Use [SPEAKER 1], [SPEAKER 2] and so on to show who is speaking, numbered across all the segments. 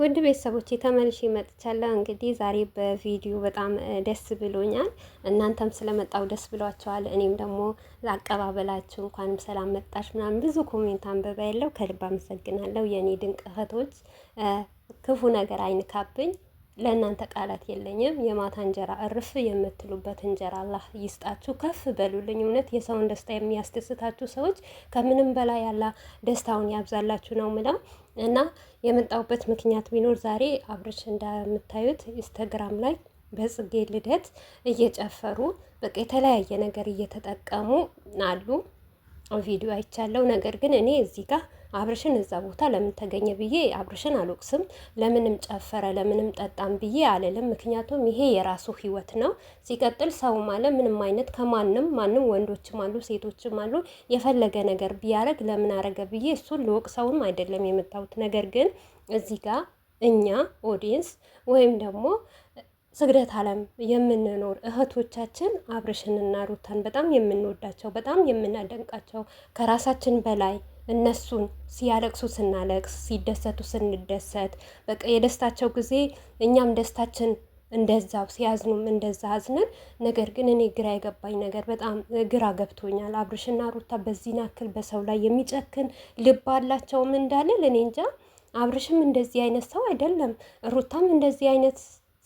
[SPEAKER 1] ውድ ቤተሰቦች ተመልሼ መጥቻለሁ። እንግዲህ ዛሬ በቪዲዮ በጣም ደስ ብሎኛል። እናንተም ስለመጣው ደስ ብሏቸዋል። እኔም ደግሞ አቀባበላችሁ እንኳንም ሰላም መጣሽ ምናምን ብዙ ኮሜንት አንብባ ያለው ከልብ አመሰግናለሁ። የእኔ ድንቅ እህቶች ክፉ ነገር አይንካብኝ። ለእናንተ ቃላት የለኝም። የማታ እንጀራ እርፍ የምትሉበት እንጀራ አላህ ይስጣችሁ፣ ከፍ በሉልኝ። እውነት የሰውን ደስታ የሚያስደስታችሁ ሰዎች ከምንም በላይ ያላ ደስታውን ያብዛላችሁ ነው ምለው እና የመጣሁበት ምክንያት ቢኖር ዛሬ አብርሽ እንደምታዩት ኢንስተግራም ላይ በጽጌ ልደት እየጨፈሩ በቃ የተለያየ ነገር እየተጠቀሙ አሉ ቪዲዮ አይቻለው። ነገር ግን እኔ እዚህ ጋር አብርሽን እዛ ቦታ ለምን ተገኘ ብዬ አብርሽን አልወቅስም። ለምንም ጨፈረ ለምንም ጠጣም ብዬ አልልም። ምክንያቱም ይሄ የራሱ ህይወት ነው። ሲቀጥል ሰው ማለ ምንም አይነት ከማንም ማንም ወንዶችም አሉ ሴቶችም አሉ የፈለገ ነገር ቢያረግ ለምን አረገ ብዬ እሱን ልወቅሰውም አይደለም የመጣሁት። ነገር ግን እዚህ ጋር እኛ ኦዲየንስ ወይም ደግሞ ስግደት ዓለም የምንኖር እህቶቻችን አብርሽንና ሩታን በጣም የምንወዳቸው በጣም የምናደንቃቸው ከራሳችን በላይ እነሱን ሲያለቅሱ ስናለቅስ፣ ሲደሰቱ ስንደሰት፣ በቃ የደስታቸው ጊዜ እኛም ደስታችን እንደዛው ሲያዝኑም እንደዛ አዝነን። ነገር ግን እኔ ግራ የገባኝ ነገር በጣም ግራ ገብቶኛል። አብርሽና ሩታ በዚህ ናክል በሰው ላይ የሚጨክን ልብ አላቸውም እንዳለን እኔ እንጃ። አብርሽም እንደዚህ አይነት ሰው አይደለም፣ ሩታም እንደዚህ አይነት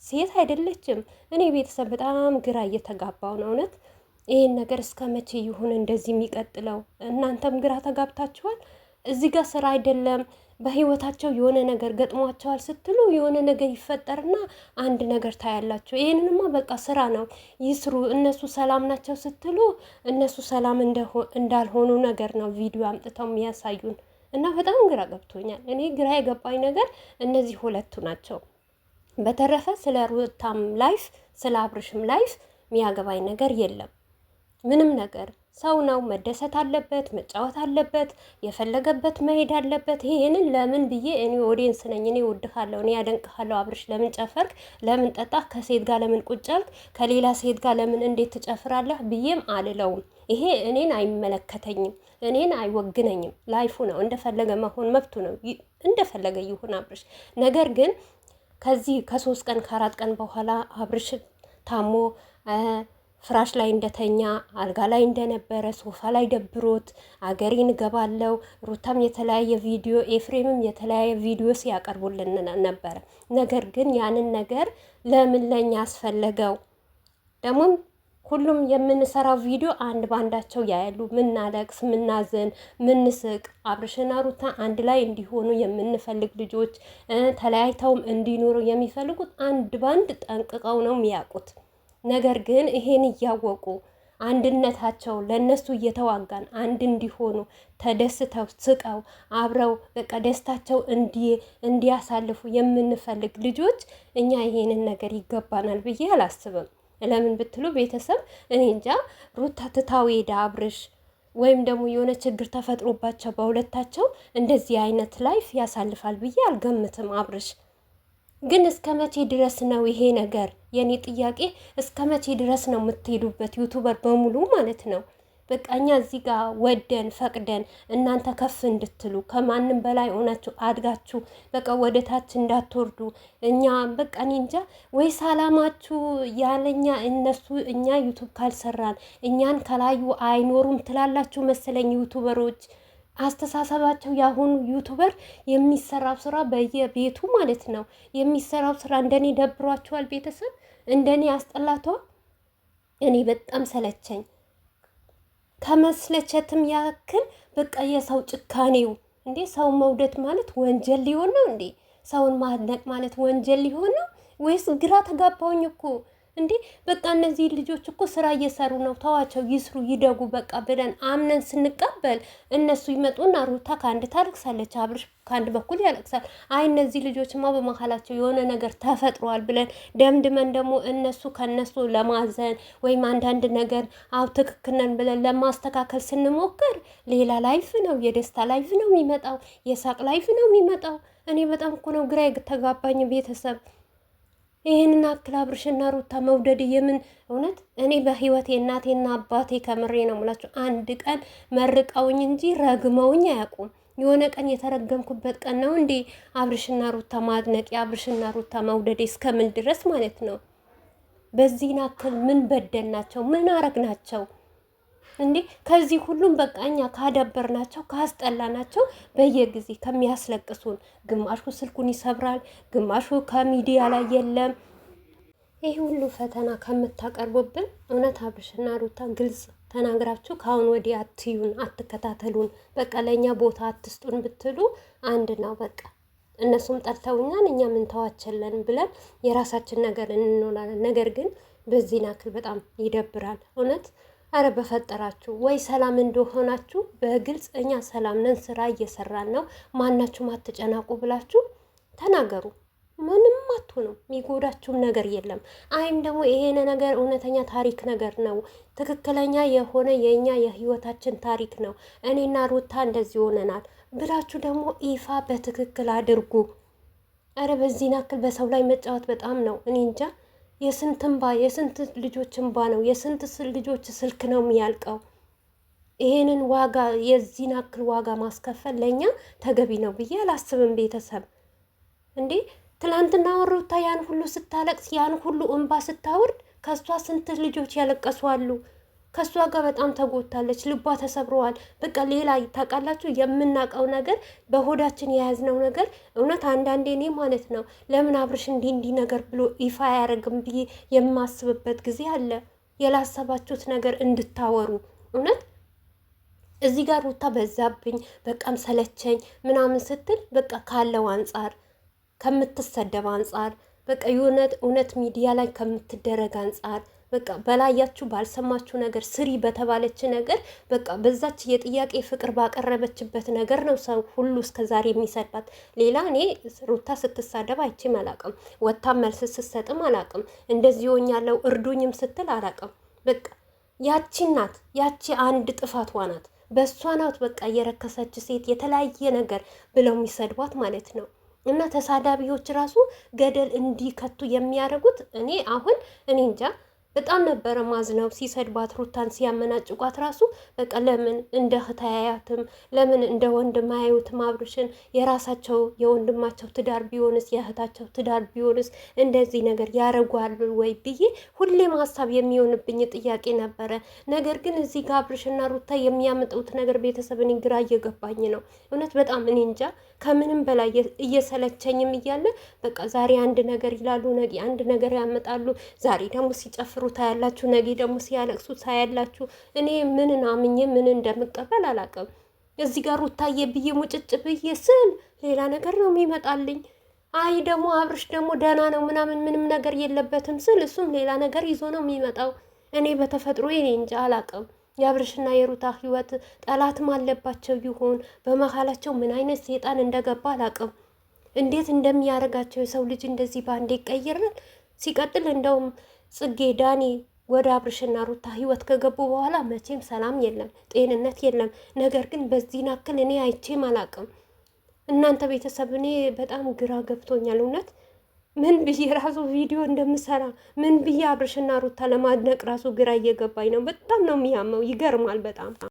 [SPEAKER 1] ሴት አይደለችም። እኔ ቤተሰብ በጣም ግራ እየተጋባው ነው እውነት ይህን ነገር እስከ መቼ ይሁን እንደዚህ የሚቀጥለው? እናንተም ግራ ተጋብታችኋል። እዚህ ጋር ስራ አይደለም በህይወታቸው የሆነ ነገር ገጥሟቸዋል ስትሉ የሆነ ነገር ይፈጠርና አንድ ነገር ታያላቸው። ይህንንማ በቃ ስራ ነው ይስሩ፣ እነሱ ሰላም ናቸው ስትሉ እነሱ ሰላም እንዳልሆኑ ነገር ነው ቪዲዮ አምጥተው የሚያሳዩን እና በጣም ግራ ገብቶኛል። እኔ ግራ የገባኝ ነገር እነዚህ ሁለቱ ናቸው። በተረፈ ስለ ሩታም ላይፍ ስለ አብርሽም ላይፍ የሚያገባኝ ነገር የለም። ምንም ነገር ሰው ነው መደሰት አለበት፣ መጫወት አለበት፣ የፈለገበት መሄድ አለበት። ይህንን ለምን ብዬ እኔ ኦዲየንስ ነኝ፣ እኔ እወድሃለሁ፣ እኔ ያደንቅሃለሁ። አብርሽ ለምን ጨፈርክ? ለምን ጠጣህ? ከሴት ጋር ለምን ቁጭ ከሌላ ሴት ጋር ለምን እንዴት ትጨፍራለህ? ብዬም አልለውም። ይሄ እኔን አይመለከተኝም፣ እኔን አይወግነኝም። ላይፉ ነው፣ እንደፈለገ መሆን መብቱ ነው፣ እንደፈለገ ይሁን አብርሽ። ነገር ግን ከዚህ ከሶስት ቀን ከአራት ቀን በኋላ አብርሽ ታሞ ፍራሽ ላይ እንደተኛ አልጋ ላይ እንደነበረ ሶፋ ላይ ደብሮት አገሬን ገባለው ሩታም የተለያየ ቪዲዮ ኤፍሬምም የተለያየ ቪዲዮ ሲያቀርቡልን ነበረ። ነገር ግን ያንን ነገር ለምን ለኛ አስፈለገው? ደግሞም ሁሉም የምንሰራው ቪዲዮ አንድ ባንዳቸው ያያሉ። ምናለቅስ፣ ምናዘን፣ ምንስቅ አብርሽና ሩታ አንድ ላይ እንዲሆኑ የምንፈልግ ልጆች ተለያይተውም እንዲኖሩ የሚፈልጉት አንድ ባንድ ጠንቅቀው ነው የሚያውቁት። ነገር ግን ይሄን እያወቁ አንድነታቸው ለእነሱ እየተዋጋን አንድ እንዲሆኑ ተደስተው ስቀው አብረው በቃ ደስታቸው እንዲያሳልፉ የምንፈልግ ልጆች እኛ ይሄንን ነገር ይገባናል ብዬ አላስብም። ለምን ብትሉ ቤተሰብ እኔ እንጃ ሩታ ትታው ሄዳ አብርሽ ወይም ደግሞ የሆነ ችግር ተፈጥሮባቸው በሁለታቸው እንደዚህ አይነት ላይፍ ያሳልፋል ብዬ አልገምትም አብርሽ ግን እስከ መቼ ድረስ ነው ይሄ ነገር? የኔ ጥያቄ እስከ መቼ ድረስ ነው የምትሄዱበት? ዩቱበር በሙሉ ማለት ነው። በቃ እኛ እዚህ ጋር ወደን ፈቅደን እናንተ ከፍ እንድትሉ ከማንም በላይ ሆናችሁ አድጋችሁ በቃ ወደ ታች እንዳትወርዱ እኛ በቃ እኔ እንጃ ወይስ አላማችሁ ያለኛ እነሱ እኛ ዩቱብ ካልሰራን እኛን ከላዩ አይኖሩም ትላላችሁ መሰለኝ ዩቱበሮች። አስተሳሰባቸው ያሁኑ ዩቱበር የሚሰራው ስራ በየቤቱ ማለት ነው የሚሰራው ስራ እንደኔ ደብሯቸዋል። ቤተሰብ እንደኔ አስጠላተዋል። እኔ በጣም ሰለቸኝ። ከመስለቸትም ያክል በቃ የሰው ጭካኔው እንዴ! ሰው መውደድ ማለት ወንጀል ሊሆን ነው እንዴ? ሰውን ማድነቅ ማለት ወንጀል ሊሆን ነው ወይስ? ግራ ተጋባውኝ እኮ እንዴ በቃ እነዚህ ልጆች እኮ ስራ እየሰሩ ነው፣ ተዋቸው ይስሩ፣ ይደጉ በቃ ብለን አምነን ስንቀበል እነሱ ይመጡና ሩታ ከአንድ ታለቅሳለች፣ አብርሽ ከአንድ በኩል ያለቅሳል። አይ እነዚህ ልጆችማ በመካከላቸው የሆነ ነገር ተፈጥሯል ብለን ደምድመን ደግሞ እነሱ ከነሱ ለማዘን ወይም አንዳንድ ነገር አብ ትክክል ነን ብለን ለማስተካከል ስንሞክር ሌላ ላይፍ ነው፣ የደስታ ላይፍ ነው የሚመጣው፣ የሳቅ ላይፍ ነው የሚመጣው። እኔ በጣም እኮ ነው ግራ ተጋባኝ ቤተሰብ ይህንን አክል አብርሽና ሩታ መውደድ የምን እውነት? እኔ በህይወቴ እናቴና አባቴ ከምሬ ነው ሙላችሁ አንድ ቀን መርቀውኝ እንጂ ረግመውኝ አያውቁም። የሆነ ቀን የተረገምኩበት ቀን ነው እንዴ? አብርሽና ሩታ ማድነቅ አብርሽና ሩታ መውደዴ እስከምን ድረስ ማለት ነው? በዚህን አክል ምን በደል ናቸው? ምን አረግ ናቸው? እንዴ ከዚህ ሁሉም በቃ እኛ ካደበር ናቸው ካስጠላ ናቸው በየጊዜ ከሚያስለቅሱን ግማሹ ስልኩን ይሰብራል፣ ግማሹ ከሚዲያ ላይ የለም። ይህ ሁሉ ፈተና ከምታቀርቡብን እውነት አብርሽና ሩታ ግልጽ ተናግራችሁ ከአሁን ወዲህ አትዩን፣ አትከታተሉን፣ በቃ ለእኛ ቦታ አትስጡን ብትሉ አንድ ነው። በቃ እነሱም ጠልተውኛል፣ እኛ ምን ተዋቸለን ብለን የራሳችን ነገር እንኖራለን። ነገር ግን በዚህ ናክል በጣም ይደብራል እውነት አረ በፈጠራችሁ ወይ ሰላም እንደሆናችሁ በግልጽ እኛ ሰላም ነን፣ ስራ እየሰራን ነው፣ ማናችሁም አትጨናቁ ብላችሁ ተናገሩ። ምንም አትሆኑም፣ የሚጎዳችሁም ነገር የለም። አይም ደግሞ ይሄን ነገር እውነተኛ ታሪክ ነገር ነው፣ ትክክለኛ የሆነ የእኛ የህይወታችን ታሪክ ነው። እኔና ሩታ እንደዚህ ሆነናል ብላችሁ ደግሞ ይፋ በትክክል አድርጉ። አረ በዚህን ያክል በሰው ላይ መጫወት በጣም ነው እኔ እንጃ። የስንት እንባ የስንት ልጆች እንባ ነው፣ የስንት ልጆች ስልክ ነው የሚያልቀው። ይሄንን ዋጋ የዚህን አክል ዋጋ ማስከፈል ለእኛ ተገቢ ነው ብዬ አላስብም። ቤተሰብ እንዴ ትናንትና ወሮታ ያን ሁሉ ስታለቅስ ያን ሁሉ እንባ ስታወርድ ከእሷ ስንት ልጆች ያለቀሱ አሉ። ከእሷ ጋር በጣም ተጎድታለች፣ ልቧ ተሰብረዋል። በቃ ሌላ ታውቃላችሁ፣ የምናውቀው ነገር በሆዳችን የያዝነው ነገር እውነት አንዳንዴ እኔ ማለት ነው ለምን አብርሽ እንዲ እንዲ ነገር ብሎ ይፋ አያደርግም ብዬ የማስብበት ጊዜ አለ። የላሰባችሁት ነገር እንድታወሩ እውነት እዚህ ጋር ሩታ በዛብኝ በቃም ሰለቸኝ ምናምን ስትል በቃ ካለው አንጻር ከምትሰደብ አንጻር በቃ የእውነት እውነት ሚዲያ ላይ ከምትደረግ አንጻር በቃ በላያችሁ ባልሰማችሁ ነገር ስሪ በተባለች ነገር በቃ በዛች የጥያቄ ፍቅር ባቀረበችበት ነገር ነው ሰው ሁሉ ዛሬ የሚሰድባት። ሌላ እኔ ሩታ ስትሳደብ አይቼም አላቅም። ወታ መልስ ስትሰጥም አላቅም። እንደዚህ ሆኛለሁ እርዱኝም ስትል አላቅም። በቃ ያቺ ናት ያቺ አንድ ጥፋቷ ናት። በእሷ ናት በቃ የረከሰች ሴት የተለያየ ነገር ብለው የሚሰድቧት ማለት ነው። እና ተሳዳቢዎች ራሱ ገደል እንዲከቱ የሚያደርጉት እኔ አሁን እኔ እንጃ በጣም ነበረ ማዝነው ሲሰድባት ሩታን ሲያመናጭቋት ራሱ በቃ ለምን እንደ እህት አያያትም? ለምን እንደ ወንድም አያዩትም? አብርሽን የራሳቸው የወንድማቸው ትዳር ቢሆንስ የእህታቸው ትዳር ቢሆንስ እንደዚህ ነገር ያረጓሉ ወይ ብዬ ሁሌም ሀሳብ የሚሆንብኝ ጥያቄ ነበረ። ነገር ግን እዚህ ጋር አብርሽና ሩታ የሚያመጡት ነገር ቤተሰብን ግራ እየገባኝ ነው። እውነት በጣም እኔ እንጃ ከምንም በላይ እየሰለቸኝም እያለ በቃ ዛሬ አንድ ነገር ይላሉ፣ ነገ አንድ ነገር ያመጣሉ፣ ዛሬ ደግሞ ሲጨፍሩ ሩታ ታያላችሁ፣ ነገ ደግሞ ሲያለቅሱ ታያላችሁ። እኔ ምንን አምኜ ምን እንደምቀበል አላውቅም። እዚህ ጋር ሩታዬ ብዬ ሙጭጭ ብዬ ስል ሌላ ነገር ነው የሚመጣልኝ። አይ ደግሞ አብርሽ ደግሞ ደህና ነው ምናምን ምንም ነገር የለበትም ስል እሱም ሌላ ነገር ይዞ ነው የሚመጣው። እኔ በተፈጥሮ እኔ እንጃ አላውቅም። የአብርሽና የሩታ ህይወት ጠላትም አለባቸው ይሆን? በመሀላቸው ምን አይነት ሴጣን እንደገባ አላውቅም። እንዴት እንደሚያደርጋቸው የሰው ልጅ እንደዚህ በአንዴ ይቀይራል። ሲቀጥል እንደውም ጽጌ ዳኒ ወደ አብርሽና ሩታ ህይወት ከገቡ በኋላ መቼም ሰላም የለም፣ ጤንነት የለም። ነገር ግን በዚህ ናክል እኔ አይቼም አላቅም። እናንተ ቤተሰብ እኔ በጣም ግራ ገብቶኛል። እውነት ምን ብዬ ራሱ ቪዲዮ እንደምሰራ ምን ብዬ አብርሽና ሩታ ለማድነቅ ራሱ ግራ እየገባኝ ነው። በጣም ነው የሚያመው። ይገርማል በጣም